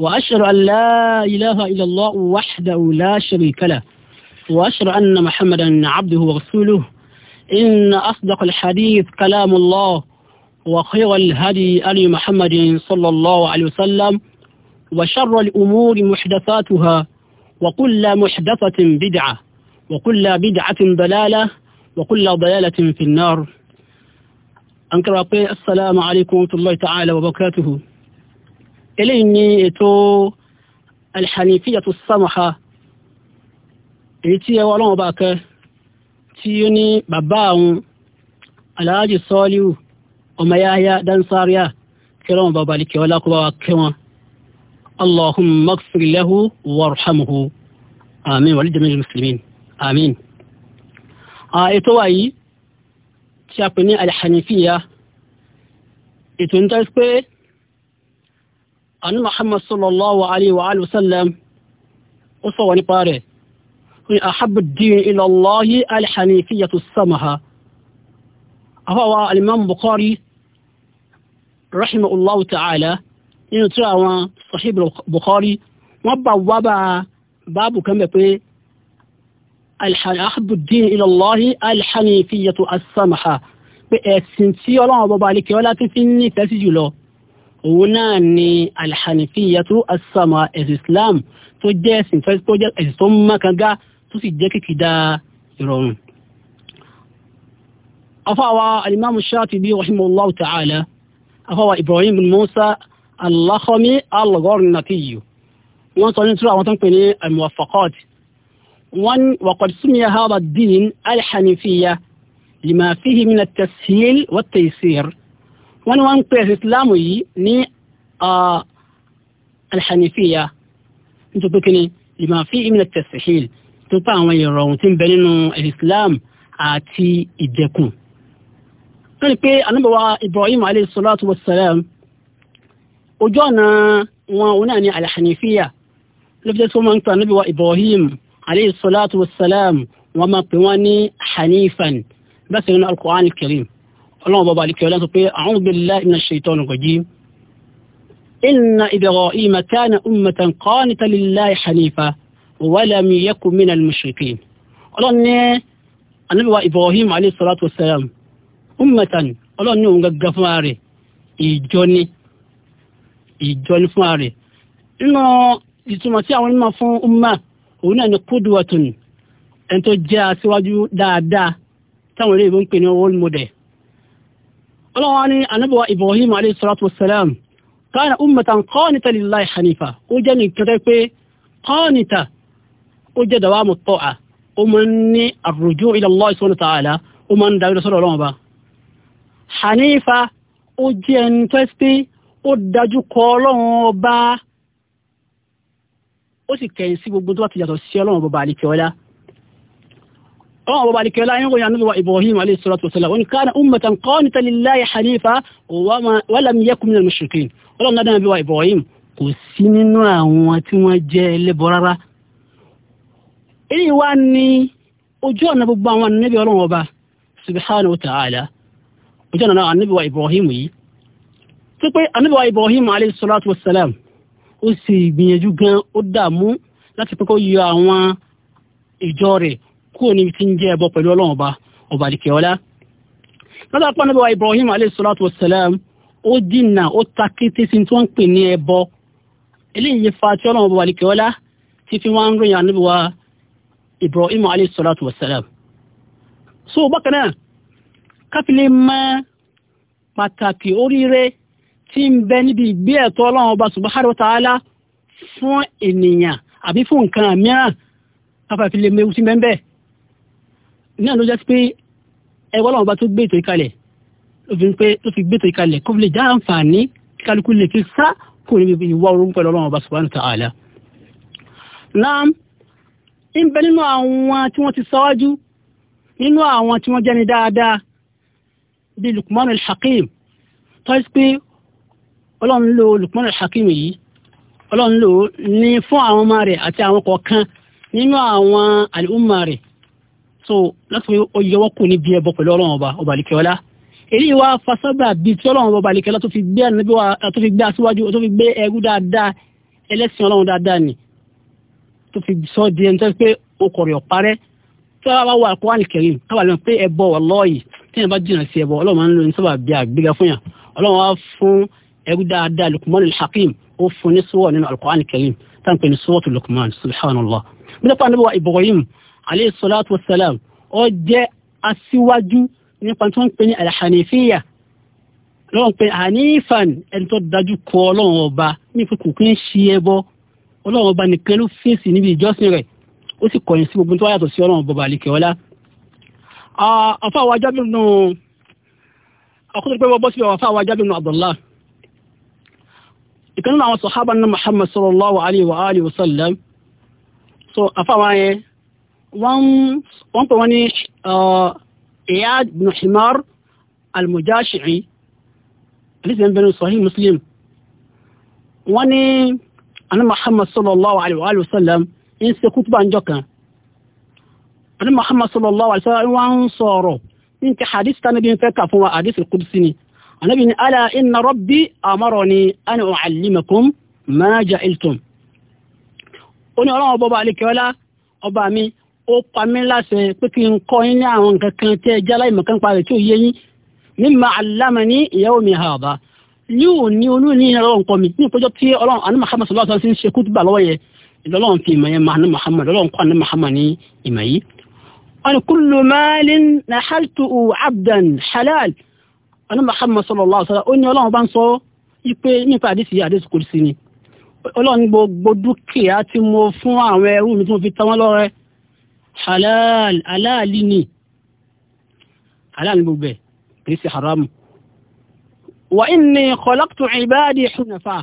وأشهد أن لا إله إلا الله وحده لا شريك له وأشهد أن محمدا عبده ورسوله إن أصدق الحديث كلام الله وخير الهدي ألي محمد صلى الله عليه وسلم وشر الأمور محدثاتها وكل محدثة بدعة وكل بدعة ضلالة وكل ضلالة في النار أنكر السلام عليكم ورحمة الله تعالى وبركاته eléyìí ni ètò alhanifiyatu samaha èyí tí ẹwà ọlọ́wọ́n bá kẹ́ tí ó ní bàbá àwọn alhaji sọ́ọ́líù ọmọ yáyá kí ọlọ́wọ́n bá balẹ̀ ọlá kó bá wa kẹ́ wọn اللهم اغفر له وارحمه آمين ولجميع المسلمين آمين ètò wa yìí tí a pè ní alhanifiya ètò ń tẹ́ pé àní muhammad sallallahu alayhi wa alayhi wa sallam ó sọ̀rọ̀ nípa rẹ̀ ní ahabbu din ila Allahi alhanifiyatu samaha afọwọ́ alimam bukhari rahimahullahu ta'ala nínú tí àwọn sahib bukhari wọ́n bá wá bá báàbù kan bẹ̀ pé ahabbu din ila Allahi alhanifiyatu asamaha pé ẹ̀sìn tí ọlọ́run ọba balẹ̀ kí ọlá ti fi ń nífẹ̀ẹ́ sí jùlọ òun náà ni alhanifiyatu asama ẹ̀sìn islam tó jẹ́ ẹ̀sìn tó jẹ́ ẹ̀sìn tó mọ́kànga tó sì jẹ́ kìkìdá ìrọ̀rùn. afáwa alimami shatibi rahimahullahu ta'ala afáwa ibrahim bin musa alakhami al-Garnatiyu wọ́n sọ ní tura àwọn tó ń pè ní al-muwafaqat wọ́n waqad sumiya din alhanifiya lima fihi min wa at wọ́n ní wọ́n ń pè ẹ̀sìn ìsìláàmù yìí ní alhanifiya nítorí pé kíni lima fi imina tẹ̀síhìl tó pa àwọn ìrọ̀rùn tí ń bẹ nínú islam àti ìdẹ̀kùn. wọ́n ní pé anábọ̀wá ibrahim alayhi salatu wa salam ojú ọ̀nà wọn òun náà ní alhanifiya lọ́pọ̀ tó máa ń pa anábọ̀wá ibrahim alayhi salatu wa salam wọ́n máa pè wọ́n ní hanifan bẹ́ẹ̀ sẹ́yìn alquran alkarim ọlọ́run bọ́ba alikẹ́ ọlá sọ pé a'udhu billahi minash shaitonir rajim inna ibrahima kana ummatan qanitan lillahi hanifa wa lam yakun minal mushrikin ọlọ́run ní anabi wa ibrahim alayhi salatu wassalam ummatan ọlọ́run ní òun gàgà fún ààrẹ ìjọ ni ìjọ ni fún ààrẹ nínú ìtumọ̀ tí àwọn onímọ̀ ọlọ́wọ́ ní anábọ̀wá ibrahim alayhi salatu wassalam kana ummatan qanita lillahi hanifa ó jẹ́ nìkan tẹ́ pé qanita ó jẹ́ dawamu ta'a ó máa ń ní ar-ruju' ila Allah subhanahu wa ta'ala ó máa ń darí lọ sọ́dọ̀ ọlọ́wọ́ bá hanifa ó jẹ́ ẹni tẹ́ ó dájú kọ ọlọ́run ọba ó sì kẹ̀yìn sí gbogbo tó bá ti yàtọ̀ sí ọlọ́run ọba àlìkẹ́ ọlá ọlọ́run ọba balẹ̀ kẹlá yín ròyìn anúbíwá ibrahim alayhi salatu wasalam wọn kánà ummatan qanitan lillahi hanifa wa lam yakun minal mushrikin ọlọ́run náà dáná bíwá ibrahim kò sí nínú àwọn tí wọ́n jẹ́ ẹlẹ́bọ rárá. eléyìí wá ní ojú ọ̀nà gbogbo àwọn ànábì ọlọ́run ọba subhanahu wa ta'ala ojú ọ̀nà ànábì wa ibrahim yìí tó pé ànábì wa ibrahim alayhi salatu wasalam ó sì gbìyànjú gan ó dààmú láti pé kó yọ àwọn ìjọ rẹ̀ kúrò níbi tí ń jẹ́ ẹbọ pẹ̀lú ọlọ́run ọba ọba àdìkẹ́ lọ́dọ̀ apá Ibrahim alayhi salatu wassalam ó dínà ó ta kété sí tí wọ́n ń pè ní ẹbọ eléyìí fa tí ọlọ́run ọba àdìkẹ́ ti fi wọ́n ń ròyìn àníbi wa Ibrahim alayhi salatu wassalam. so bákan náà káfílẹ̀ máa pàtàkì oríire tí ń bẹ níbi ìgbé ẹ̀tọ́ ọlọ́run ọba subhanahu wa ta'ala fún ènìyàn àbí fún lè mewu sí bẹ́ẹ̀ náà ló jásí pé ẹwọ́ làwọn bá tó gbé ètò ìkalẹ̀ lófin pé tó fi gbé ètò ìkalẹ̀ kó fi lè já àǹfààní kálukú lè fi sá kó níbi ìwà orun pẹ̀lú ọlọ́run ọba subhanahu wa ta'ala. naam ń bẹ nínú àwọn tí wọ́n ti sáwájú nínú àwọn tí wọ́n jẹ́ni dáadáa bíi Luqman al-Hakim tó yẹ pé ọlọ́run lo Luqman al-Hakim yìí ọlọ́run lò ní fún àwọn ọmọ rẹ̀ àti àwọn kọ̀ọ̀kan nínú àwọn àlùmọ̀ rẹ̀ so láti fi ó yẹ wọ́n kù níbi ẹbọ pẹ̀lú ọlọ́run ọba ọba àlìkẹ́ọ́lá èyí wa fasábà bíi tí ọlọ́run ọba àlìkẹ́ọ́lá tó fi gbé ànábì wa tó fi gbé aṣíwájú tó fi gbé ẹrú dáadáa ẹlẹ́sìn ọlọ́run dáadáa ni tó fi sọ di ẹni tó fi pé o kọ̀rọ̀ ọ̀parẹ́ tí wọ́n bá wà Al-Qur'an Al-Karim káwá lẹ́nu pé ẹbọ wà lọ́ọ̀yì tí yẹn bá jìnnà sí ẹbọ ọlọ́run máa ń lo ní sábà alayhi salatu wassalam ó jẹ́ aṣíwájú nípa tí wọ́n ń pè ní alhanifiya lọ́wọ́n pé hanifan ẹni tó dájú kọ ọlọ́run ọba ní ìfẹ́ kò kí ń ṣe ẹbọ ọlọ́run ọba nìkan ló fèsì níbi ìjọsìn rẹ̀ ó sì kọ̀yìn sí gbogbo tó wáyàtọ̀ sí ọlọ́run ọba àlìkẹ́ ọlá. afa àwọn ajábí nù akótó pé wọ́n bọ́ síbi afa àwọn ajábí nù Abdullah ìkànnì àwọn sọ̀hábà nù Muhammad sallallahu alayhi wa alihi wa sallam so afa àwọn yẹn wọ́n wọ́n pè wọ́n ní Iyad bin Himar al-Mujashi'i àdìsí ń bẹnu Sahih Muslim wọ́n ní àná Muhammad sallallahu alayhi wa sallam ń ṣe kútùbà ń jọ kan àná Muhammad sallallahu alayhi wa sallam wọ́n ń sọ̀rọ̀ ninka hadis tani bin fẹ́ kà wa hadis kudsi ni anabi ni ala inna rabbi amaroni an uallimakum ma ja'iltum ó ní ọlọ́wọ́ bọ́ba alikẹ́ọ́lá ọba mi ó pa mí láṣẹ pé kí n kọ́ yín ní àwọn nǹkan kan tẹ́ ẹ jálá ìmọ̀kan pa rẹ̀ tí ò yé yín mimma allamani yawmi hadha ní òní olóòní yẹn lọ́wọ́ nǹkan mi ní ìpẹ́jọ́ tí ọlọ́run àná Muhammad sallallahu alaihi wasallam ṣe kútùbà lọ́wọ́ yẹn lọ́lọ́run fi ìmọ̀ yẹn máa ní lọ́lọ́run kọ́ àná Muhammad ní ìmọ̀ yìí. أن كل مال نحلته عبدا حلال أنا محمد صلى الله عليه ó ní Ọlọ́run bá ń sọ ni Ọlọ́run gbogbo dúkìá tí mo fún àwọn ẹrú mi tí mo halal aláàlì ni halal ni gbogbo ẹ̀ kìí ṣe haramu wà inni khalaqtu ibadi hunafa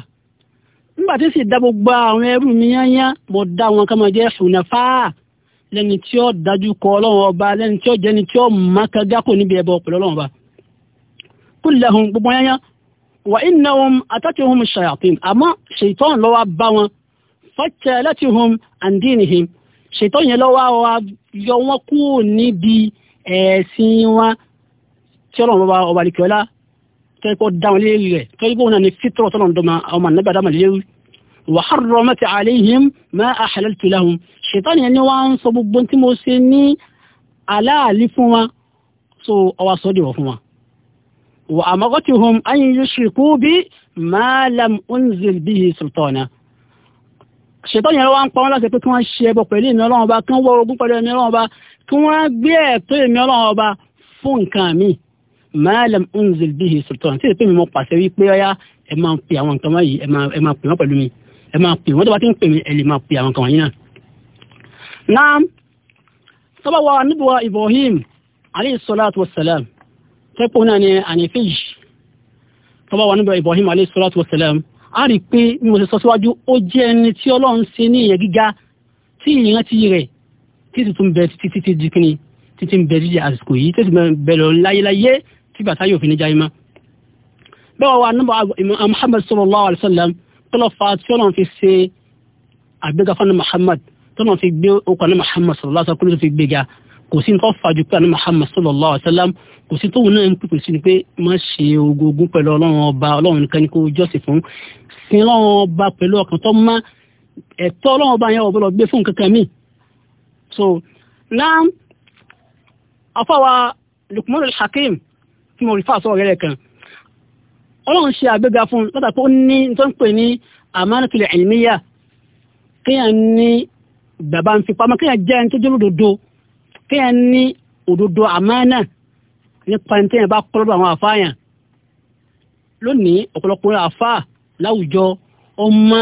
nígbà tí sì dá gbogbo àwọn ẹrú mi yányá mo dá wọn ká máa jẹ́ hunafa lẹ́ni tí ó dájú kọ ọlọ́run ọba lẹ́ni tí ó jẹ́ni tí ó mákagákò níbi ẹbọ pẹ̀lú ọlọ́run ọba kullahum gbogbo yányá wà innahum atatuhum shayatin àmọ́ ṣètọ́n lọ́wọ́ bá wọn fatalatuhum an dinihim ṣètò yẹn lọ́wọ́ wa yọ wọ́n kúrò níbi ẹ̀sìn wọn tí ọlọ́run bá ọba àlìkẹ́ ọlá tẹ́kọ̀ dáwọn lérí rẹ̀ tẹ́kọ̀ wọn ni fitrọ̀ tọ́lọ̀ dọ́mà ọmọ anábẹ́ àdámà lérí wa harramat alayhim ma ahlaltu lahum ṣètò yẹn ni wọ́n ń sọ gbogbo tí mo ṣe ní aláàlí fún wa so ọwọ́ sọ́ dìbò fún wa wa amaratuhum an yushriku bi ma lam unzil bihi sultana ṣètọ́ yẹn wá ń pa wọ́n láti pé kí wọ́n ṣe ẹbọ pẹ̀lú ìmí ọlọ́run ọba kí wọ́n wọ ogún pẹ̀lú ìmí ọlọ́run ọba kí wọ́n gbé ẹ̀tọ́ ìmí ọlọ́run ọba fún nǹkan mi maalam unzil bihi sultan tí èpè mi mo pàṣẹ wípé ọyá ẹ máa pè àwọn nǹkan wọ̀nyí ẹ máa pè wọ́n pẹ̀lú mi ẹ máa pè wọ́n tó bá ti ń pè mí ẹ lè máa pè àwọn nǹkan wọ̀nyí náà. naam sábà wa níbi wa Ibrahim alayhi salatu wa salam tẹ́pọ̀ náà ni ànífẹ́yì sábà wa níbi wa Ibrahim alayhi salatu wa salam a rí i pé bí mo ṣe sọ síwájú ó jẹ́ ẹni tí ọlọ́run ṣe ní ìyẹn gíga tí ìrántí rẹ̀ tí sì tún bẹ títí títí di kíni títí ń bẹ títí àsìkò yìí títí bẹ lọ láyéláyé tí bàtà yóò fi ní jáyé mọ́. bẹ́ẹ̀ wá níbo Muhammad sallallahu alayhi wa sallam tọ́lọ̀ fa tí ọlọ́run fi ṣe àgbéga fún Muhammad tọ́lọ̀ fi gbé okùn Muhammad sallallahu alayhi wa sallam kúló fi gbéga kò sí nǹkan fàájú pé àná Muhammad sallallahu alayhi wa sallam kò sí tóun náà ń pèpè sí ni pé má ṣe ogógún pẹ̀lú ọlọ́run ọba ọlọ́run nìkan ni kò jọ́sìn fún sin ọlọ́run ọba pẹ̀lú ọkàn tó má ẹ̀tọ́ ọlọ́run ọba yẹn ọ̀bọ̀lọ̀ gbé fún kankan míì so náà afáwa Luqman al-Hakim tí mo rí fà sọ ọ̀rẹ́ rẹ̀ kan ọlọ́run ṣe àgbéga fún lọ́dà pé ó ní tó ń pè ní amánàtìlẹ̀ ẹ̀míyà kéèyàn ní bàbá ń fipamọ́ kéèyàn jẹ́ ẹni tó jẹ́ lódodo kéèyàn ní òdodo àmánà nípa ní téèyàn bá kọ́ lọ́dọ̀ àwọn àfáàyàn lónìí ọ̀pọ̀lọpọ̀ àfà láwùjọ ọmọ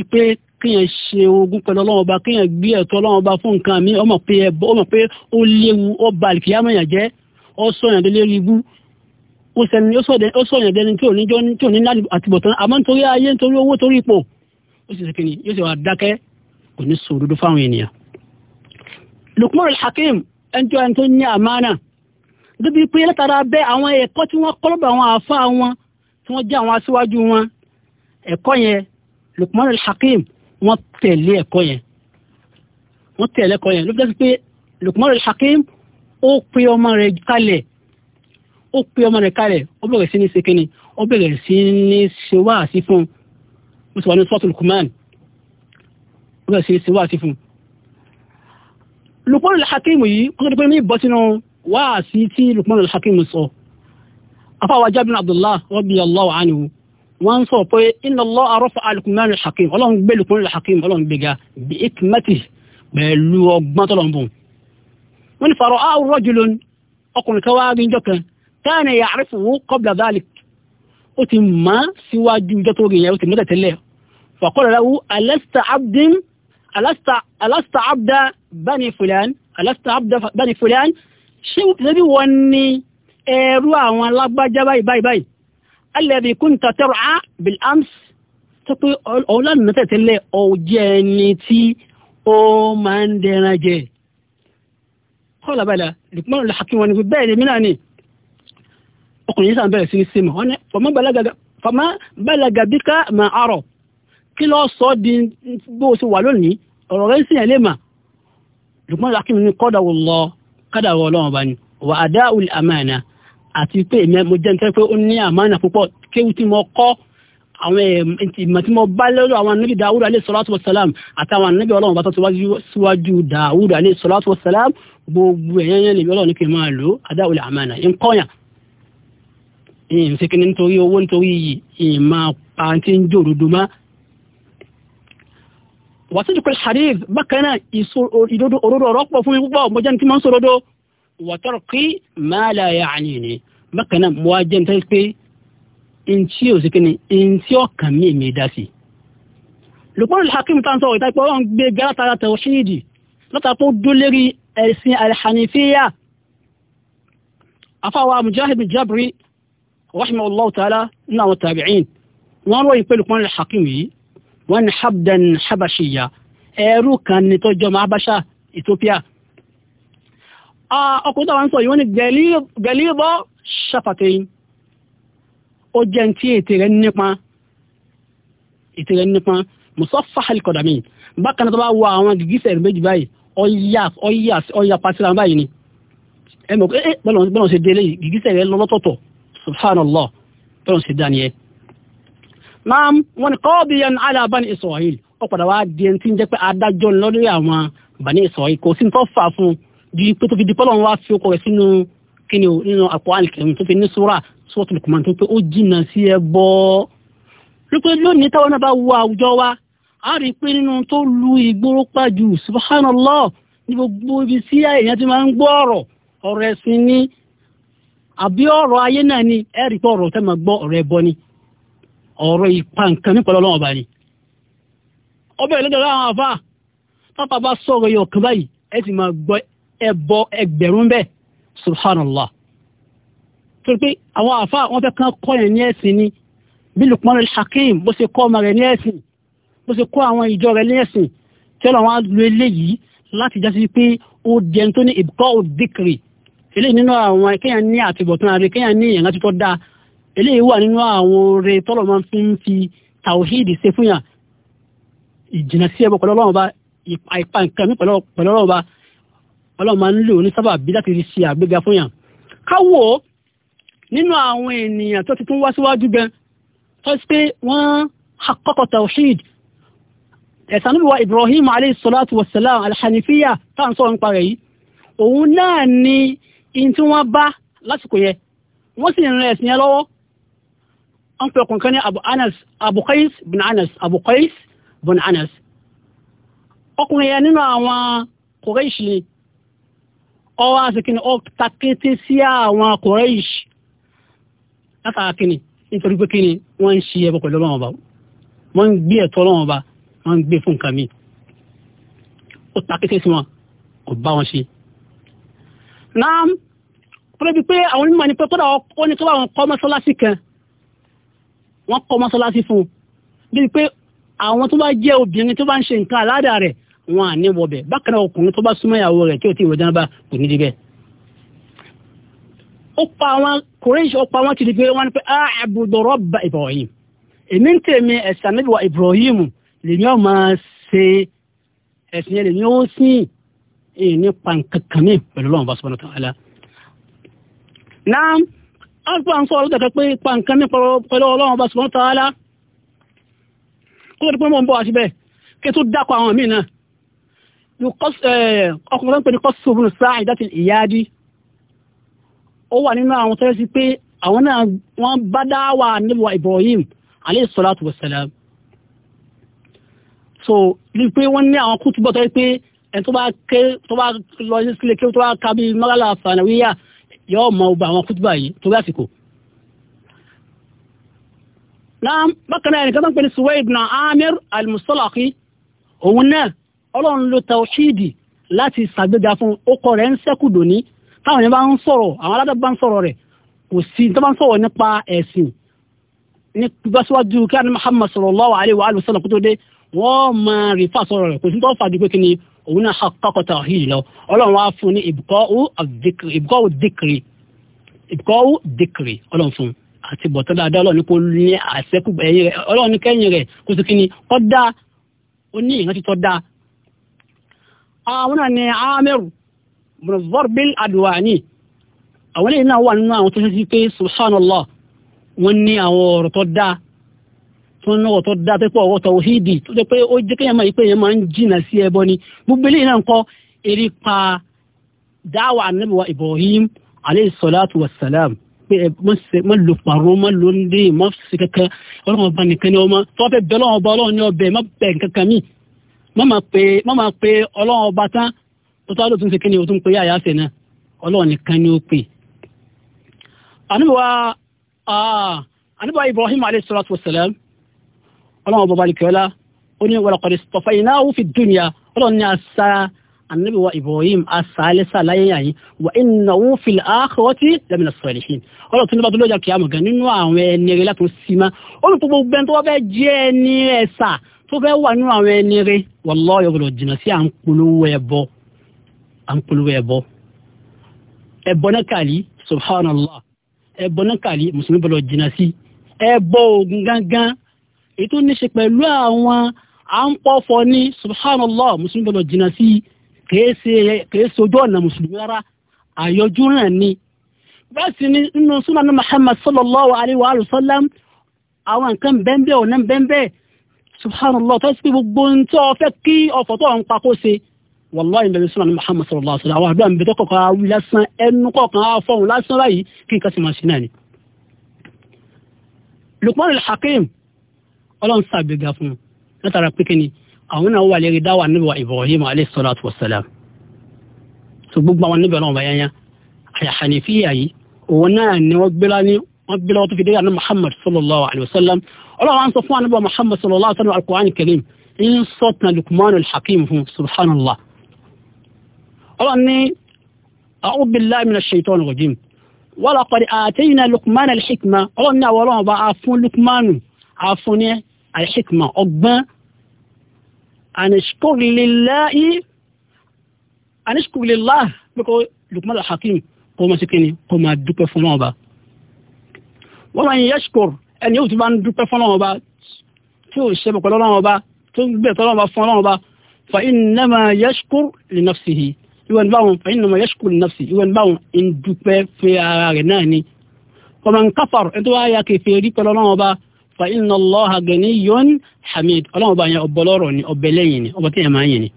ipe kéèyàn ṣe ogun pẹ̀lú ọlọ́wọ́n ọba kéèyàn gbé ẹ̀tọ́ ọlọ́wọ́n ọba fún nǹkan mi ọmọ pé ẹbọ ọmọ pé ó léwu ó ba àlìkìyàmọ̀yàn jẹ́ ó sọ èèyàn délé rí ibú ó sẹni ó sọ èèyàn dẹni tí ò ní jọ tí ò ní ní àtìbọ̀tán àmọ́ nítorí ayé nítorí owó torí ipò ó sì sèkìnnì yóò sì wà dákẹ́ kò ní sọ òdodo fáwọn ènìyàn. Luqman al-Hakim ẹnjọ ẹni tó ní àmánà débi pé látara bẹ́ẹ̀ àwọn ẹ̀kọ́ tí wọ́n kọ́lọ́bà àwọn àfa wọn tí wọ́n jẹ́ àwọn aṣíwájú wọn ẹ̀kọ́ yẹn Luqman al-Hakim wọ́n tẹ̀lé ẹ̀kọ́ yẹn wọ́n tẹ̀lé ẹ̀kọ́ yẹn ló pé Luqman al-Hakim ó pe ọmọ rẹ̀ kalẹ̀ ó pe ọmọ rẹ̀ kalẹ̀ ó bẹ̀rẹ̀ sí ní ṣe kínní ó bẹ̀rẹ̀ sí ní ṣe wáàsí fún un sọ́ọ̀tù Luqman ó bẹ̀rẹ̀ sí ní ṣe wáàsí fún Luqman al-Hakim yìí kó tó di pé ní ìbọ́ sínú wáàsí tí Luqman al-Hakim sọ afáwà jábìn Abdullah radiyallahu anhu wọ́n ń sọ pé inna Allaha rafa'a Luqman al-Hakim ọlọ́run gbé Luqman al-Hakim ọlọ́run gbéga bí ikmati pẹ̀lú ọgbọ́n tọ́lọ́mbùn wọ́n ni fàrọ̀ áwù rajulun ọkùnrin kan wáá gbíjọ kan kana ya'rifuhu qabla dhalik ó ti mọ̀ síwájú ìjọ tó rìn ó ti mọ̀ tẹ̀tẹ̀lẹ̀ faqala alasta abdan alasta alasta abdan bani fulan alasta abda bani fulan ṣe lórí wọn ni ẹrú àwọn alágbájá báyìí báyìí báyìí alẹ́bí kún tàtẹ́rù á bil ams tó pé òun lánàá tẹ̀tẹ̀lẹ̀ ọ̀jẹ́ ẹni tí ó máa ń dẹran jẹ kọ́lá bàlá lùkùmọ́nù làákí wọn ni bẹ́ẹ̀ ni mí náà ni ọkùnrin yìí sàn bẹ̀rẹ̀ sí ní sèmọ̀ wọn ni fama balaga bika ma arọ kí ló sọ di bó o ti wà lónìí ọ̀rọ̀ rẹ̀ ń sìn ẹ̀ lé mà Luqman Hakim ní kọ́dà wò lọ kọ́dà wò lọ́wọ́ bá ní wà á dá òlì àmàna àti pé èmi mo jẹ́ nítorí pé ó ní àmàna púpọ̀ kéwù tí mo kọ́ àwọn eh, ìmọ̀ tí mo bá lọ́dọ̀ àwọn anábì Dawud alayhi salatu wasalam àtàwọn anábì ọlọ́run bá tó síwájú Dawud alayhi salatu wasalam gbogbo ẹ̀yẹ́yẹ́ lèmi ọlọ́run ní kí máa lò á òlì àmàna ń kọ́yàn ìyìn sí kí wàtíjùkú hadith bákanáà ìdodo òdodo ọ̀rọ̀ pọ̀ fún mi púpọ̀ mo jẹ́ ní kí mọ́ ń sòrodo wàtọ́rọ̀ kí máa la yà àní ni bákanáà mo wá jẹ́ ní tẹ́lẹ̀ pé n tí ò sí kí ni n tí ọkàn mi mi dá sí. lùpọ̀n al-Hakim tá sọ ìta ìpọ̀ ọ̀hún gbé gálátara tawhidi lọ́tà tó dún lérí ẹ̀sìn al afáwa Mujahid Jabri rahimahullahu ta'ala nínú àwọn wọ́n ròyìn wọn habdan habashiya ẹrú kan ní tọjọ ọmọ habasha ethiopia ọkùnrin tó wà ń sọ yìí wọ́n ní gẹ̀líbọ́ ṣàfàtẹ́yìn ó jẹ́ tí ètè rẹ̀ nípa ètè rẹ̀ bákan tó bá wọ àwọn gìgísẹ̀ méjì báyìí ọ̀yà pàṣírà báyìí ni ẹ mọ̀ pé bọ́lọ̀ ṣe délé gìgísẹ̀ rẹ̀ lọ́lọ́tọ̀tọ̀ subhanallah bọ́lọ̀ ṣe dá máa wọn qadiyan ala bani Isra'il ó padà wá di ẹni tí ń jẹ́ pé adájọ́ lórí àwọn bani Israel, kò sí tó fà fún ju pé tó fi di pọ́lọ́n wá fi okọ̀ rẹ̀ sínú kíni o nínú Al-Qur'an Al-Karim tó fi ní sura Suratul Luqman tó pé ó jìnnà sí ẹ bọ́ lópin lónìí táwọn náà bá wo àwùjọ wa a rí i pé nínú tó lu ìgboro pàjù subhanallah ní gbogbo ibi sí èèyàn ti máa ń gbọ́ ọ̀rọ̀ ọ̀rọ̀ ẹ̀sìn ni àbí ọ̀rọ̀ ayé náà ni ẹ̀rí pé ọ̀rọ̀ tẹ́ máa gbọ́ ọ̀rọ̀ ẹbọ ni ọ̀rọ̀ ipa nǹkan nípa Ọlọ́run ọba ni ọbẹ̀ ìlẹ́dọ̀ láwọn àfà pápá bá sọ̀rọ̀ yọ ọ̀kan báyìí ẹ ti máa gbọ́ ẹbọ ẹgbẹ̀rún bẹ́ẹ̀ subhanallah torí pé àwọn àfà wọn fẹ́ kán kọ́ yẹn ní ẹ̀sìn ni bí Lukman al-Hakim bó ṣe kọ́ ọmọ rẹ̀ ní ẹ̀sìn bó ṣe kọ́ àwọn ìjọ rẹ̀ ní ẹ̀sìn tẹ́lọ̀ wọn á lo eléyìí láti jásí pé ó jẹun tó ní ìbùkọ́ òdìkìrì eléyìí nínú àwọn kéèyàn ní àtibọ̀tán àrè kéèyàn ní ìyẹn láti tọ́ dáa eléyìí wà nínú àwọn oore tọ́lọ̀ máa fi ń fi tàwíìdì ṣe fún yàn ìjìnà sí ẹbọ pẹ̀lú ọlọ́run bá àìpa nǹkan mi pẹ̀lú ọlọ́run bá ọlọ́run máa ń lò ní sábà bí láti ṣe àgbéga fún yàn. ká nínú àwọn ènìyàn tó ti tún wá síwájú gan tó ṣe pé wọ́n kọ́kọ́ tàwíìdì ẹ̀sán níbi wa Ibrahim alayhi salatu wa salam alhanifiya tá à ń sọ̀rọ̀ nípa rẹ̀ yìí òun náà ni ihun tí wọ́n bá lásìkò yẹn wọ́n sì ń rẹ̀ ẹ̀sìn yẹn lọ́wọ́ an fẹ́ kankan ní abu anas abu Kais bin anas abu Kais bin anas ọkùnrin yẹn nínú àwọn kòrẹ́ṣì ni ọwọ́ àsìkìní ọ takété sí àwọn kòrẹ́ṣì látara kìíní nítorí pé kìíní wọ́n ń ṣe ẹbọ pẹ̀lú ọlọ́wọ́n ọba wọ́n ń gbé ẹ̀tọ́ ọlọ́wọ́n ọba wọ́n ń gbé fún nǹkan mi ó takété sí wọn kò bá wọn ṣe. náà pẹ̀lú pé àwọn onímọ̀ ni pé kódà ó ní kí wọ́n kọ́ mọ́sálásí kan wọ́n kọ́ mọ́sálásí fún un bíi pé àwọn tó bá jẹ́ obìnrin tó bá ń ṣe nǹkan aládàá rẹ̀ wọn à ní wọbẹ̀ bákan náà ọkùnrin tó bá súnmọ́ ìyàwó rẹ̀ tí ò tí ìwé dáná bá kò ní dibẹ̀. ó pa àwọn kòrèṣì ó pa àwọn tìrì pé wọ́n ní pé ah, a'budu rabba Ibrahim èmi ń tèmi ẹ̀sìn àmì Ibrahim lèmi ò máa ṣe ẹ̀sìn yẹn lèmi ó sìn ìní pa nǹkan kan mi pẹ̀lú Ọlọ́run bá subhanahu wa ta'ala. náà alfa ń sọ ọ̀rọ̀ dẹ̀kẹ́ pé pa nǹkan ní pẹ̀lú ọlọ́run ọba ṣùgbọ́n tààlà kó tó di pé mò ń bọ̀ àti bẹ́ẹ̀ kí tó dákọ̀ àwọn míì náà ọkùnrin tó ń sáà ìdáti ìyáàdí ó wà nínú àwọn tẹ́lẹ̀ sí pé àwọn náà wọ́n bá dáwà níbi wa Ibrahim alayhi salatu wassalam so ní pé wọ́n ní àwọn kútùbọ̀ tẹ́lẹ̀ pé ẹni tó bá lọ sí ilé kí tó bá kábí mọ́lá yóò mọ ọba àwọn kútùbà yìí tó lásìkò. náà bákan náà ẹnìkan tó ń pè ní Suwaid ibn Amir al-Musalaki òun náà ọlọ́run ló tawhidi láti ṣàgbéga fún ọkọ rẹ̀ ń sẹ́kù dòní táwọn yẹn bá ń sọ̀rọ̀ àwọn aládàbà ń sọ̀rọ̀ rẹ̀ kò sí tó bá ń sọ̀rọ̀ nípa ẹ̀sìn ní gbàsíwájú kí Muhammad sallallahu alaihi wa sallam kó dé wọ́n máa rí fà sọ̀rọ̀ rẹ̀ kò sí tó fà ju kí ni òun náà haqqaqa tawhid lọ ọlọ́run wá fún ní ibqa'u dhikri ibqa'u dhikri ọlọ́run fún àti bọ̀tọ́ dáadáa ọlọ́run kò ní àṣẹ́kù ẹ̀yìn rẹ̀ ọlọ́run kẹ́yìn rẹ̀ kó sì kíni kọ́ dá ó ní ìrántí tọ́ dá. àwọn náà ni amẹ́rù bọ̀rọ̀bọ̀rọ̀bìl adwani àwọn èyí náà wà nínú àwọn tó ṣe sí pé subhanallah wọ́n ní àwọn ọ̀rọ̀ tó dáa tó ń lọ́wọ́ tó dá tó pọ̀ ọwọ́ tọ̀hídì tó jẹ́ pé ó jẹ́ kéèyàn máa yí pé èèyàn máa ń jìnnà sí ẹbọ ni gbogbo eléyìí náà ń kọ́ eré pa dáwà ànábì Ibrahim aleyhi salatu wa salam pé ẹ má lò pàrọ̀ má lò ń dé má ṣe kankan ọlọ́run ọba nìkan ni ọmọ tó bẹ bẹ ọlọ́run ọba ọlọ́run ní ọbẹ̀ má bẹ kankan mí má máa pe ọlọ́run ọba tán tó tó àlòtún ṣe kí ni o tún pe yáyà ṣe náà ni ó pè. ànábì wa ah, ànábì Ibrahim aleyhi salatu wa salam ọlọ́run ọba balikẹ́ọ́lá ó ní walaqad istafaynahu fi dunya ọlọ́run ní asa anabi wa ibrahim asalisa láyéyàyín wa innahu fil akhirati lamina salihin ọlọ́run tó ní bá tó lọ́jà kìámù gan nínú àwọn ẹni rẹ látún símá olùkókò gbẹ́ni tó wá fẹ́ jẹ́ ẹni ẹ̀sà tó fẹ́ wà nínú àwọn ẹni rẹ wallahi gbọdọ̀ jìnnà sí à ń polówó ẹbọ à ń polówó ẹbọ ẹbọ náà kàlí subhanallah ètò ní ṣe pẹ̀lú àwọn à ń pọ̀fọ̀ ní subhanallah mùsùlùmí gbọdọ̀ jìnnà sí kèé ṣe ojú ọ̀nà mùsùlùmí rárá àyọjú náà ni. bẹ́ẹ̀ sì ni nínú sunan muhammad sallallahu alayhi wa sallam àwọn nǹkan bẹ́ẹ̀ ọ̀nà bẹ́ẹ̀ subhanallah tó ṣe gbogbo ń tọ́ fẹ́ kí ọ̀fọ̀ tó ń pa kó ṣe wàláyé ń bẹ̀rẹ̀ sunan muhammad sallallahu alayhi wa sallam àwọn àdúrà ń bẹ ọlọ́run sàgbéga fún un látara pínpín ni àwọn náà wà lérí dáwà níbi wa Ibrahim alayhi salatu wa salam so gbogbo àwọn níbi ọlọ́run báyá yá àyà hànífíyà yìí òun náà ni wọ́n gbéra ní wọ́n gbéra wọ́n tó fi dé àná Muhammad sallallahu alayhi wa sallam ọlọ́run á sọ fún àníbọ̀ Muhammad sallallahu alayhi wa sallam al-Qur'an al sọ́tàn Luqman al fún subhanallah ọlọ́run ní أعوذ بالله من الشيطان الرجيم ولقد آتينا لقمان الحكمة أولنا ولوما عفون لقمان عفون alhikma ọgbọ́n anishkulilayi anishkulilayi pẹ́kọ́ lukman alhakim kó ma sí kíni kó ma dúpẹ́ fún ọba wọ́n ma yashkur ẹni yóò ti bá ń dúpẹ́ fún ọba tí ó ṣe pẹ̀lú ọba tó ń gbẹ̀ tọ́lọ́ba fún ọba fa innama yashkur li nafsihi ìwọ̀n báwọn fa innama yashkur li nafsihi ìwọ̀n báwọn ń dúpẹ́ fún ara rẹ̀ náà ni ọmọ nkáfàr ẹni tó wáyà kẹfẹ́ rí pẹ̀lú ọba fa inna Allaha ganiyyun hamid ọlọ́run ọba yẹn ọbọ lọ́rọ̀ ni ọbẹ̀ lẹ́yìn ni ọbọ tí yẹn máa ń yẹn ni.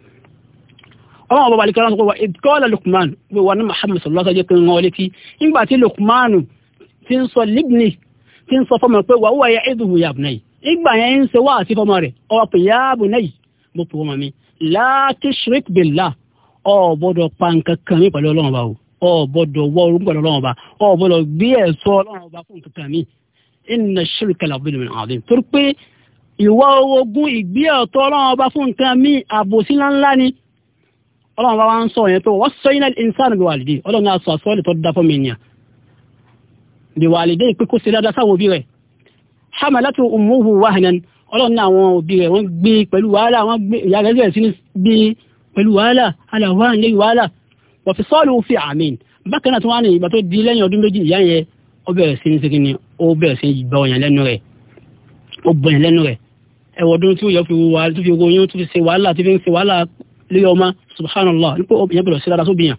ọlọ́run ọba balẹ̀ kọ́lá wa idh qala Luqman pé wa ní Muhammad sallallahu alaihi wasallam wọlé kí nígbà tí Luqman ti ń sọ libni ti ń sọ fọmọ pé wà wúwa ya'iduhu ya bunayya ìgbà yẹn ń ṣe wá àti fọmọ rẹ̀ ọwọ́ pé ya bunayya mo pè wọ́n mi la tushrik billah ọ̀ gbọ́dọ̀ mi pẹ̀lú ọlọ́run ọba o ọ̀ gbọ́dọ̀ ọlọ́run ọba ọ̀ gbọ́dọ̀ gbé ẹ̀sọ́ ọlọ́run ọba fún nǹkan mi inna shirka la bin min azim torí pé ìwà orogún ìgbé ọ̀tọ̀ ọlọ́run ọba fún nǹkan mí àbòsí ńláńlá ni ọlọ́run ọba wa ń sọ yẹn pé wassayna al-insana biwalidayhi ọlọ́run náà sọ àsọ́ọ̀lẹ̀ tó dá fún mi nìyà biwalidayhi pé kó ṣe dáadáa sáwọn òbí rẹ̀ hamalatu ummuhu wahnan ọlọ́run náà àwọn òbí rẹ̀ wọ́n gbé pẹ̀lú wàhálà wọ́n gbé ìyá rẹ̀ sí gbé pẹ̀lú wàhálà aláwọ̀ àìlè wàhálà wa fisaluhu fi amin bákan náà tí wọ́n á ní ìgbà tó di lẹ́yìn ọdún méjì ìyá yẹn ó bẹ̀rẹ̀ sí ní ṣe kíni ó bẹ̀rẹ̀ sí ní gba ọ̀yàn lẹ́nu rẹ̀ ó bọ̀yàn lẹ́nu rẹ̀ ẹ̀wọ̀n ọdún tí ó yọ fi wo wàhálà tó fi wo yín tó fi ṣe wàhálà tó fi ń ṣe wàhálà lé ọmọ subhanallah nípa obìnrin bẹ̀rẹ̀ sí dáadáa sóbì yàn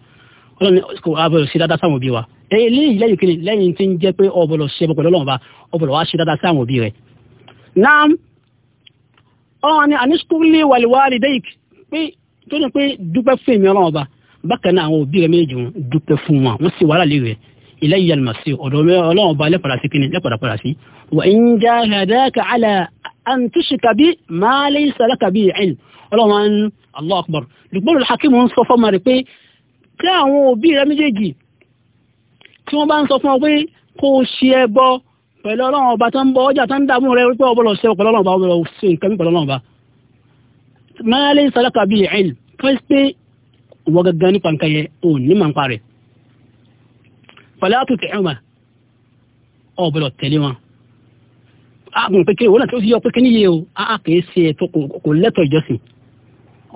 ọlọ́run kò abẹ̀rẹ̀ sí dáadáa sáwọn òbí wa ẹ̀yìn lẹ́yìn lẹ́yìn kíni lẹ́yìn tí ń jẹ́ pé ọbọ̀lọ̀ ṣe pẹ̀lú ọlọ́run ọba ọbọ̀lọ̀ wá ṣe dáadáa sáwọn òbí rẹ̀. naam ọ̀run ni òbí rẹ̀ ilayya al-masir ọ̀dọ̀ ọlọ́run ọba lẹ́pàdà sí kíni lẹ́pàdà padà sí. wa in jahadaka ala an tushrika bi ma laysa laka bihi ilm ọlọ́run wa ń Allahu akbar lùgbọ́n al-hakim ń sọ fọ́ọ̀mà rẹ̀ pé tí àwọn òbí rẹ méjèèjì tí wọ́n bá ń sọ fún ọ pé kó o ṣe ẹbọ pẹ̀lú ọlọ́run ọba tó ń bọ ọjà tó ń dààmú rẹ wípé ọbọ̀ lọ ṣe pẹ̀lú ọlọ́run ọba ọbọ̀ pẹ̀lú àtúntì ẹ̀rùn máa ọ̀bọ̀lọ̀ tẹ̀lé wọn. ààbùn pékeré wọn náà tó yọ pékeré yìí o a kìí ṣe ètò kò lẹ́tọ̀ ìjọsìn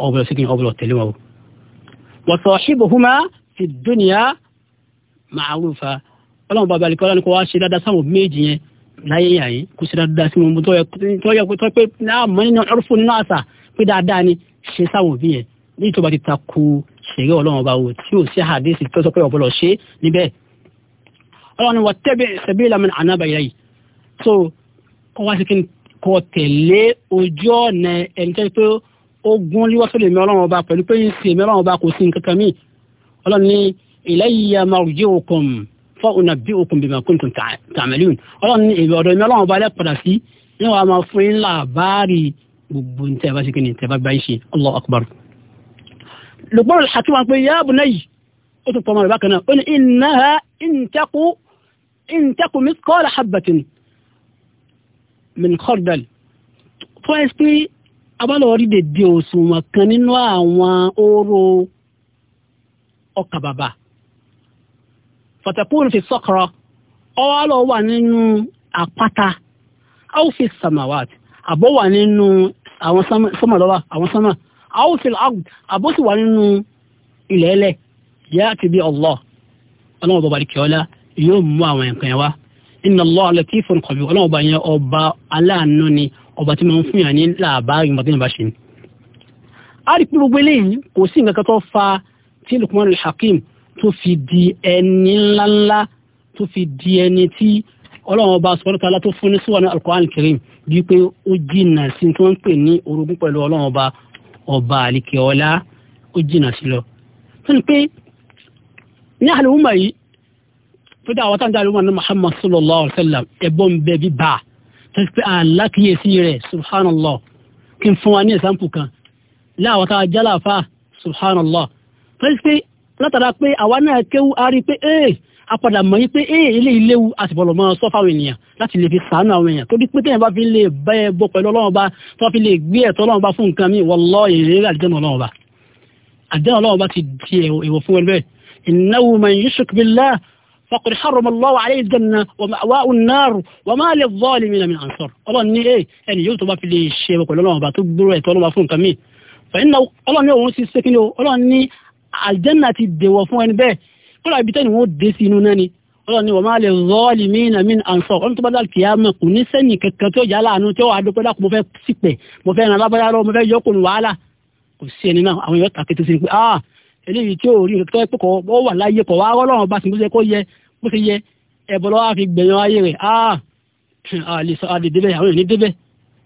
ọ̀bọ̀lọ̀ sí kí ọ̀bọ̀lọ̀ tẹ̀lé wọn o. wa sahibuhuma fi dunya ma'rufa ọlọ́run bàbá àlìkọ́ ọlọ́run kò wá ṣe dáadáa sáwọn méjì yẹn láyé yàyí kò ṣe dáadáa sí wọn tó yẹ kó pé náà mọ nínú ọ̀rọ̀fọ̀ nínú àṣà pé dáadáa ni ṣe sáwọn òbí yẹn ní ìtọ́ba ti ta ku ṣèré ọlọ́run ọba wo tí ò sí àdéhìí tó sọ pé ọ̀bọ̀lọ̀ ṣe níbẹ̀ ọlọ́run ni wà tẹ́bẹ̀ sabila man anaba ilayya so kọ́ wá sí kí n kọ́ tẹ̀lé ojú ọ̀nà ẹni tẹ́ pé ó gún líwọ́sọ̀lẹ̀ mi ọlọ́run ọba pẹ̀lú pé ń sè mi ọlọ́run ọba kò sí nǹkan kan ọlọ́run ni ilayya marji'ukum fa unabbi'ukum bima kuntum ta'malun ọlọ́run ni èrè ọ̀dọ̀ mi ọlọ́run ọba lẹ́ sí yóò wá máa fún in taku mithqala habbatin min khardal tó ẹ pé abálọ̀rí dèdè òṣùwọ̀n kan nínú àwọn oró ọkà bàbà fatakun fi saqra ọwọ́ lọ wà nínú àpáta áwòfin samawat àbọ̀ wà nínú àwọn sọ́mà lọ́wọ́ àwọn sọ́mà áwòfin ard àbọ̀ sì wà nínú ilẹ̀ ẹlẹ̀ yá ti bí Allah ọlọ́wọ́ bàbá kẹ́ọ́lá yóò mú àwọn nǹkan wa inna Allah latifun khabir ọlọ́run ọba yẹn ọba aláàánú ni ọba tí máa ń fún yàn ní làbáyé mọ́tò yẹn ṣe ni. a rí pé gbogbo eléyìí kò sí nǹkan tó fa tí Luqman al-Hakim tó fi di ẹni ńláńlá tó fi di ẹni tí ọlọ́run ọba sọ̀rọ̀ tala tó fún ní síwájú al-Qur'an al-Karim bíi pé ó jìnnà sí tí wọ́n ń pè ní orogún pẹ̀lú ọlọ́run ọba ọba àlìkẹ́ ni pé ní kódà àwọn táwọn dáhùn ní muhammad sallallahu alayhi wa sallam ẹ̀bọ́n bẹ́ẹ̀ bí bá tó ti pé alákìyèsí rẹ̀ subhanallah kí n fún wa ní ìsàmpù kan láwọn táwọn jálàfà subhanallah tó ti pé látara pé àwa náà kéwú a rí pé ee eh, apàdà mọ̀ yín pé ee eh, ilé ìléwu àtìbọ̀lọ̀ mọ́ sọ́fà àwọn ènìyàn láti lè fi sàánú àwọn èèyàn tó di pé téèyàn bá fi lè bá ẹ bọ pẹ̀lú ọlọ́run bá tó fi lè gbé ẹ̀tọ́ ọlọ́run bá fún nǹkan mi wallahi èrè àdéhùn faqad harrama Allahu alayhi al-janna wa ma'wahu an-nar wa ma lil-zalimina min ansar ọlọ́run ní ẹni yóò tó bá fi lè ṣe ẹ̀wọ̀ pẹ̀lú ọlọ́run ọba tó gbúrò ẹ̀tọ́ ọlọ́run fún nǹkan míì fẹ̀yìn náà ọlọ́run ní òun sì ṣe kí ni o ọlọ́run ní àlìjẹ́nà ti dèwọ̀ fún ẹni bẹ́ẹ̀ kọ́lá ibi tẹ́ni wọ́n dé sí inú náà ni ọlọ́run ni wọ́n máa lè rọ́ọ̀lì mìíràn mìíràn àǹsọ̀ ọ̀run tó bá dá kìí àmọ́ kò ní sẹ́ni kankan tó yálà àánú tí ó wà dúpẹ́ dàpọ̀ mo fẹ́ sípẹ̀ mo fẹ́ ràn lábáyá lọ́wọ́ mo fẹ́ yọkùn wàhálà kò sí ẹni náà àwọn èèyàn tàkété sí ni pé ah eléyìí tí ò rí ìrètí tó kọ ó wà láyé kọ wá Ọlọ́run bá sì ń bó yẹ bó ṣe yẹ ẹbọ lọ wá fi gbẹ̀yàn ayé rẹ̀ áà ah, àlè débẹ̀ àwọn èèyàn débẹ̀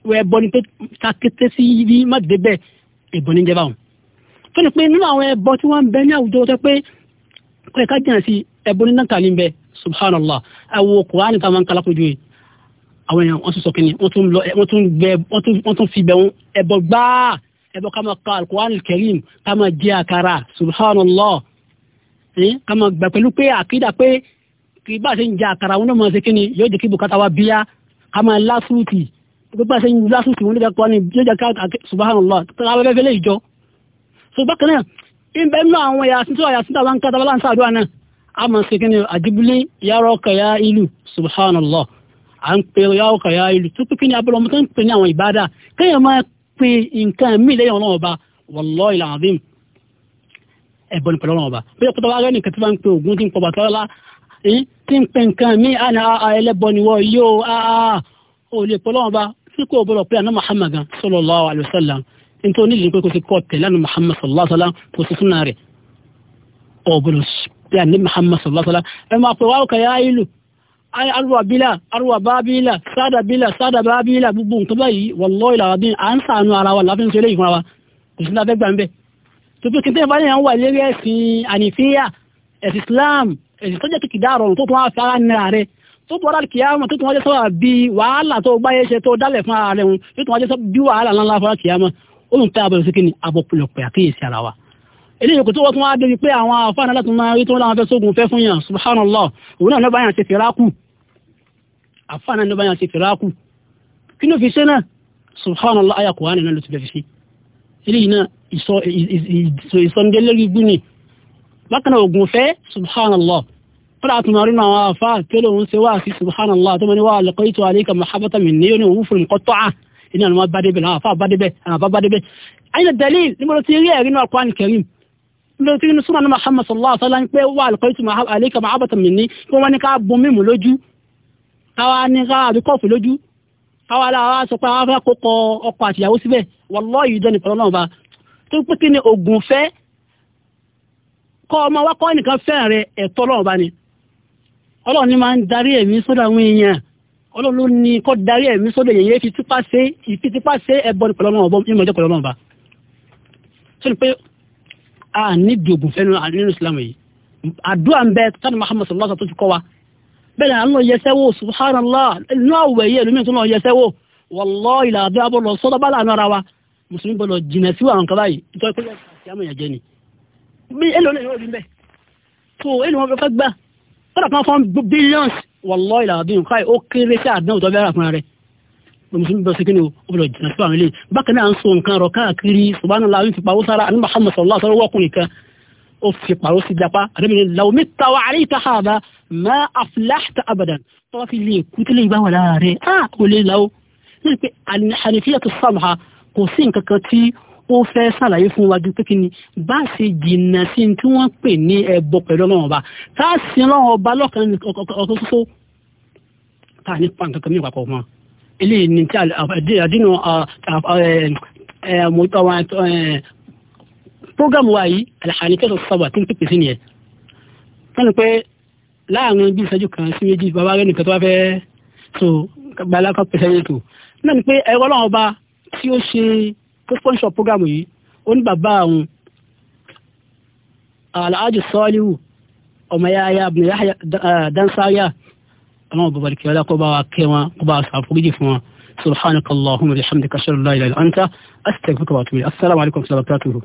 wọ ẹbọ ni pé ká kété sí ibi má débẹ̀ ẹbọ ní jẹba wọn. tó ní pé nínú àwọn ẹbọ tí wọ́n ń bẹ ní àwùjọ tó pé kọ́ ẹ̀ka jìnnà sí ẹbọ ní náà ní bẹ subhanallah àwọn Kùránì táwọn ń kalako ju àwọn èèyàn wọ́n tún sọ kínní wọ́n tún fi ẹbọ ká máa ka alukur'an kẹrin ká máa jẹ subhanallah ká máa gbà pẹ̀lú pé àkídà pé kì í bá ṣe ń jẹ wọn náà máa ṣe kí ni yóò jẹ kí bùkátà wa bíyà ká máa láfúrútì pé bá ṣe ń wọn ló ni yóò jẹ ká subhanallah tó ká wẹ́fẹ́ fẹ́lẹ́ ìjọ. ṣùgbọ́n kan náà ìbẹ́ nínú àwọn yasin tó yasin táwọn ká tábàlá ń sàdúrà náà a máa ṣe kí ni àdìbílẹ̀ yàrá ọkọ̀ yá ìlú subhanallah à ń pe yàrá ọkọ̀ yá ìlú tó pé kí ni abúlé ọmọ tó ń pè ní àwọn ìbádà kéèyàn máa pe nǹkan mí lẹ́yìn ọlọ́run ọba wallahi alazim ẹ̀bọ ní pẹ̀lú ọlọ́run ọba bí ọkọ̀ tó wá rẹ́ nìkan tí wọ́n ń pe ògún tí ń pọ̀bà tọ́lá eh, tí ń pe nǹkan mí àná ah, ah, ẹlẹ́bọ ni wọ́n yóò ó ah, lè pẹ̀lú ọlọ́run ọba tí kò bọ̀rọ̀ pé àná Muhammad gan sallallahu alaihi wasallam nítorí nílùú pé kò sí kọ́ tẹ̀lé Muhammad sallallahu alaihi wasallam kò sí súnà rẹ̀ ọ̀bọ̀rọ̀ pé àná Muhammad sallallahu ẹ máa pè wá ọkọ̀ yá ìlú arúwà bílà arúwà bábílà sádà bílà sádà bábílà gbogbo nǹkan báyìí wallahi alazim à ń sàánú ara wa láfi ń ṣe eléyìí fúnra wa kò sí láfẹ́ gbà ń bẹ̀. tuntun kí n tẹ́lẹ̀ báyìí à ń wà lérí ẹ̀sìn ànífíà ẹ̀sìn Islam ẹ̀sìn sọ́jà kìkìdá àrọ̀rùn tó tún wá fara nira rẹ̀ tó bọ́ra kìámọ̀ tó tún wájẹ́ sọ́wà bí wàhálà tó gbáyé ṣe tó dálẹ̀ fún ara rẹ̀ wọn tó tún wájẹ́ wọ́n tún wá débi pé àwọn afáàná láti máa rí tó láwọn fẹ́ sógun fẹ́ fún yàn subhanallah òun náà lọ́ba yàn ṣe fẹ́ráàkù àfáàná ló bá yàn ṣe fìràkù kí ló fi ṣe náà subhanallah aya kò hánà náà ló ti bẹ̀rẹ̀ sí eléyìí náà ìsọ̀ndẹ́lẹ́rì gbú ni bákan náà ògùn fẹ́ subhanallah fúnra tó máa rí àwọn afá tó lóun ṣe wá sí subhanallah tó máa ní wà lọ́kọ́ ìtò àlékà mahabata mi ní yóò wúfùrù nǹkan tó à iná ni wọ́n bá débẹ̀ àwọn afá bá débẹ̀ àwọn afá bá débẹ̀ ayé dalil níbo ti rí ẹ̀rí náà kwan karim níbo ti rí súnmọ́ ní muhammad sallallahu alaihi wa sallam lọ́kọ́ ìtò àlékà mahabata mi ní kí wọ́n ní ká bomi mu lójú káwa ní káwa àbí kọ́ọ̀fù lójú káwa láwa sọ pé àwọn afẹ́ kókọ ọkọ àtìyàwó síbẹ̀ wallahi ìdánì pẹ̀lú ọlọ́run bá tó pé kí ni ògùn fẹ́ kọ́ ọmọ wa kọ́ nìkan fẹ́ràn rẹ ẹ̀tọ́ ọlọ́run bá ni ọlọ́run ni máa ń darí ẹ̀mí sọ́dọ̀ àwọn èèyàn ọlọ́run ló ní kọ́ darí ẹ̀mí sọ́dọ̀ èèyàn yẹn fi tipa ṣe ìfi tipa ṣe ẹbọ ní pẹ̀lú ọlọ́run ọbọ ìmọ̀ ọjọ́ pẹ̀lú bá bẹ́ẹ̀ náà ń yẹsẹ́ wò subhanallah inú àwẹ̀ yẹ lómi tó náà yẹsẹ́ wò wallahi ìlàbẹ́ abọ́lọ̀ sọ́dọ̀ bá lànà ara wa mùsùlùmí bọ́lọ̀ jìnà sí àwọn kan báyìí ìtọ́ ìpínlẹ̀ àti àmọ̀ ìyàjẹ́ ni. bí èlò náà yóò rí bẹ́ẹ̀ tó èlò wọn fẹ́ gbà fọ́dà kan fọ́n billions wallahi ìlàbẹ́ nǹkan ó kéré sí àdánwò tó bẹ́ẹ̀ rà fúnra rẹ̀ musulmi bẹ segin ni o bẹ jina sọ àwọn ilé bákan náà ń so nǹkan rọ káàkiri subahana la ń fi pawó sára ani muhammad sallallahu alaihi wa nìkan ó fi pàrọ̀ sí japa àdébìnrin làwọn mẹ́ta wà àrí ìta àbá má afláhta abadan tọ́wọ́ fi lè kú tẹ́lẹ̀ ìgbà wà láàárẹ̀ á kò lè làwọ́ níbi pé ànífíà tó sàmà kò sí nǹkan kan tí ó fẹ́ sàlàyé fún wa ju pé kí ni bá a ṣe jìnnà sí ní tí wọ́n pè ní ẹbọ pẹ̀lú ọlọ́run ọba tá a sin ọlọ́run ọba lọ́kàn ọkọ̀ tó tá a ní pa nǹkan kan ní ìpapọ̀ mọ́ eléyìí ni tí àdínà program wa yìí Al-Hanifatu Sab'a tí ń pèpè sí nìyẹn wọ́n ní pé láàrin bí ìṣẹ́jú kan sí méjì bàbá rẹ̀ nìkan tó bá fẹ́ tó gbalaka pèsè yẹn tó náà ni pé ẹ̀rọ ọlọ́run ọba tí ó ṣe tó sponsor program yìí ó ní bàbá àwọn alhaji sọ́ọ́líwù ọmọ yáyá dansáyà ọmọ bàbá rẹ̀ kíọ́lá kó bá wa kẹ́ wọn kó bá wa ṣàforíjì fún wọn subhanakallahumma wa bihamdika ashhadu an la ilaha illa anta astaghfiruka wa atubu ilayk assalamu alaikum wa rahmatullahi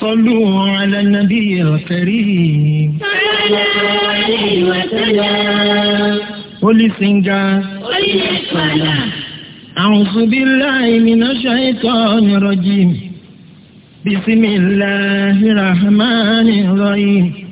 صلوا على النبي الكريم صلى الله عليه وسلم قل سنجا قل الصلاة أعوذ بالله من الشيطان الرجيم بسم الله الرحمن الرحيم